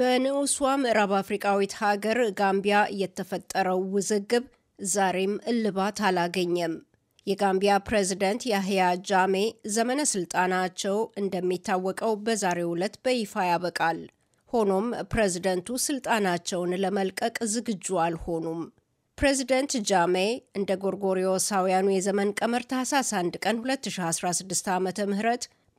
በንዑሷ ምዕራብ አፍሪቃዊት ሀገር ጋምቢያ የተፈጠረው ውዝግብ ዛሬም እልባት አላገኘም። የጋምቢያ ፕሬዝደንት ያህያ ጃሜ ዘመነ ስልጣናቸው እንደሚታወቀው በዛሬው ዕለት በይፋ ያበቃል። ሆኖም ፕሬዝደንቱ ስልጣናቸውን ለመልቀቅ ዝግጁ አልሆኑም። ፕሬዝደንት ጃሜ እንደ ጎርጎሪዮሳውያኑ የዘመን ቀመር ታህሳስ 1 ቀን 2016 ዓ ም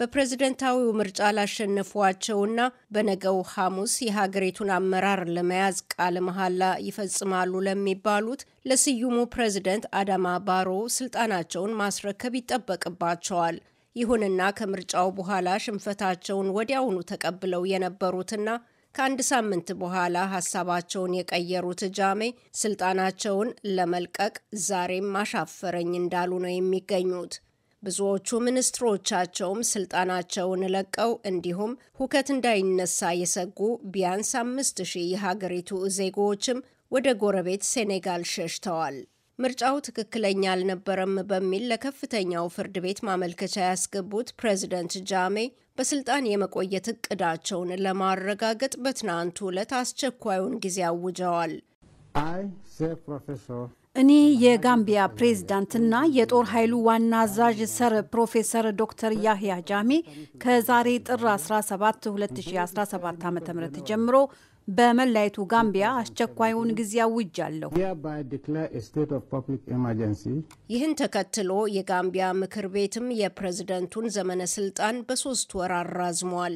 በፕሬዝደንታዊው ምርጫ ላሸነፏቸውና በነገው ሐሙስ የሀገሪቱን አመራር ለመያዝ ቃለ መሐላ ይፈጽማሉ ለሚባሉት ለስዩሙ ፕሬዝደንት አዳማ ባሮ ስልጣናቸውን ማስረከብ ይጠበቅባቸዋል። ይሁንና ከምርጫው በኋላ ሽንፈታቸውን ወዲያውኑ ተቀብለው የነበሩትና ከአንድ ሳምንት በኋላ ሀሳባቸውን የቀየሩት ጃሜ ስልጣናቸውን ለመልቀቅ ዛሬም ማሻፈረኝ እንዳሉ ነው የሚገኙት። ብዙዎቹ ሚኒስትሮቻቸውም ስልጣናቸውን ለቀው እንዲሁም ሁከት እንዳይነሳ የሰጉ ቢያንስ አምስት ሺህ የሀገሪቱ ዜጎችም ወደ ጎረቤት ሴኔጋል ሸሽተዋል። ምርጫው ትክክለኛ አልነበረም በሚል ለከፍተኛው ፍርድ ቤት ማመልከቻ ያስገቡት ፕሬዚደንት ጃሜ በስልጣን የመቆየት እቅዳቸውን ለማረጋገጥ በትናንቱ ዕለት አስቸኳዩን ጊዜ አውጀዋል። እኔ የጋምቢያ ፕሬዝዳንትና የጦር ኃይሉ ዋና አዛዥ ሰር ፕሮፌሰር ዶክተር ያህያ ጃሜ ከዛሬ ጥር 17 2017 ዓ ም ጀምሮ በመላይቱ ጋምቢያ አስቸኳዩን ጊዜ አውጃለሁ። ይህን ተከትሎ የጋምቢያ ምክር ቤትም የፕሬዝደንቱን ዘመነ ስልጣን በሶስት ወር አራዝሟል።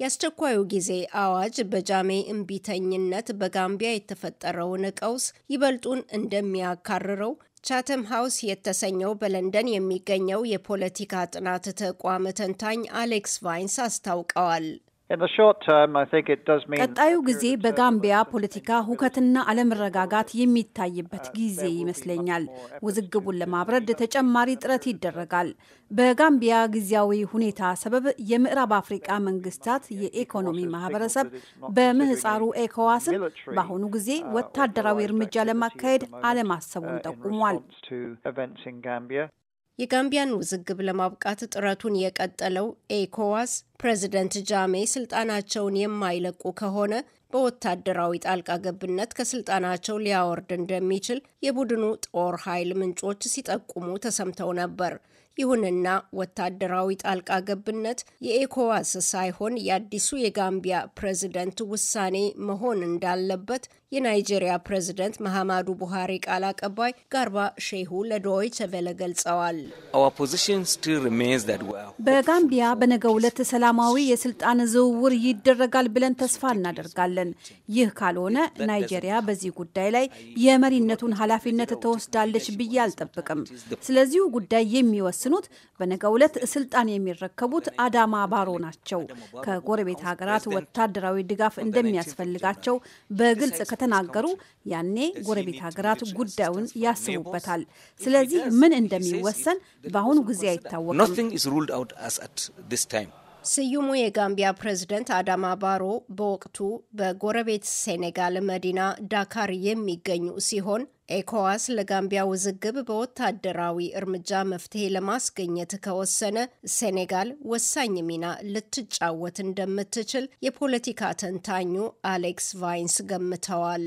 የአስቸኳዩ ጊዜ አዋጅ በጃሜ እምቢተኝነት በጋምቢያ የተፈጠረውን ቀውስ ይበልጡን እንደሚያካርረው ቻተም ሀውስ የተሰኘው በለንደን የሚገኘው የፖለቲካ ጥናት ተቋም ተንታኝ አሌክስ ቫይንስ አስታውቀዋል። ቀጣዩ ጊዜ በጋምቢያ ፖለቲካ ሁከትና አለመረጋጋት የሚታይበት ጊዜ ይመስለኛል። ውዝግቡን ለማብረድ ተጨማሪ ጥረት ይደረጋል። በጋምቢያ ጊዜያዊ ሁኔታ ሰበብ የምዕራብ አፍሪቃ መንግስታት የኢኮኖሚ ማህበረሰብ በምህፃሩ ኤኮዋስም በአሁኑ ጊዜ uh, ወታደራዊ እርምጃ ለማካሄድ አለማሰቡን uh, ጠቁሟል። የጋምቢያን ውዝግብ ለማብቃት ጥረቱን የቀጠለው ኤኮዋስ ፕሬዚደንት ጃሜ ስልጣናቸውን የማይለቁ ከሆነ በወታደራዊ ጣልቃ ገብነት ከስልጣናቸው ሊያወርድ እንደሚችል የቡድኑ ጦር ኃይል ምንጮች ሲጠቁሙ ተሰምተው ነበር። ይሁንና ወታደራዊ ጣልቃ ገብነት የኤኮዋስ ሳይሆን የአዲሱ የጋምቢያ ፕሬዝደንት ውሳኔ መሆን እንዳለበት የናይጄሪያ ፕሬዝደንት መሐማዱ ቡሃሪ ቃል አቀባይ ጋርባ ሼሁ ለዶይቸ ቬለ ገልጸዋል። በጋምቢያ በነገው ዕለት ሰላማዊ የስልጣን ዝውውር ይደረጋል ብለን ተስፋ እናደርጋለን። እንችላለን። ይህ ካልሆነ ናይጄሪያ በዚህ ጉዳይ ላይ የመሪነቱን ኃላፊነት ትወስዳለች ብዬ አልጠብቅም። ስለዚሁ ጉዳይ የሚወስኑት በነገ ዕለት ስልጣን የሚረከቡት አዳማ ባሮ ናቸው። ከጎረቤት ሀገራት ወታደራዊ ድጋፍ እንደሚያስፈልጋቸው በግልጽ ከተናገሩ ያኔ ጎረቤት ሀገራት ጉዳዩን ያስቡበታል። ስለዚህ ምን እንደሚወሰን በአሁኑ ጊዜ አይታወቅም። ስዩሙ የጋምቢያ ፕሬዝደንት አዳማ ባሮ በወቅቱ በጎረቤት ሴኔጋል መዲና ዳካር የሚገኙ ሲሆን ኤኮዋስ ለጋምቢያ ውዝግብ በወታደራዊ እርምጃ መፍትሄ ለማስገኘት ከወሰነ ሴኔጋል ወሳኝ ሚና ልትጫወት እንደምትችል የፖለቲካ ተንታኙ አሌክስ ቫይንስ ገምተዋል።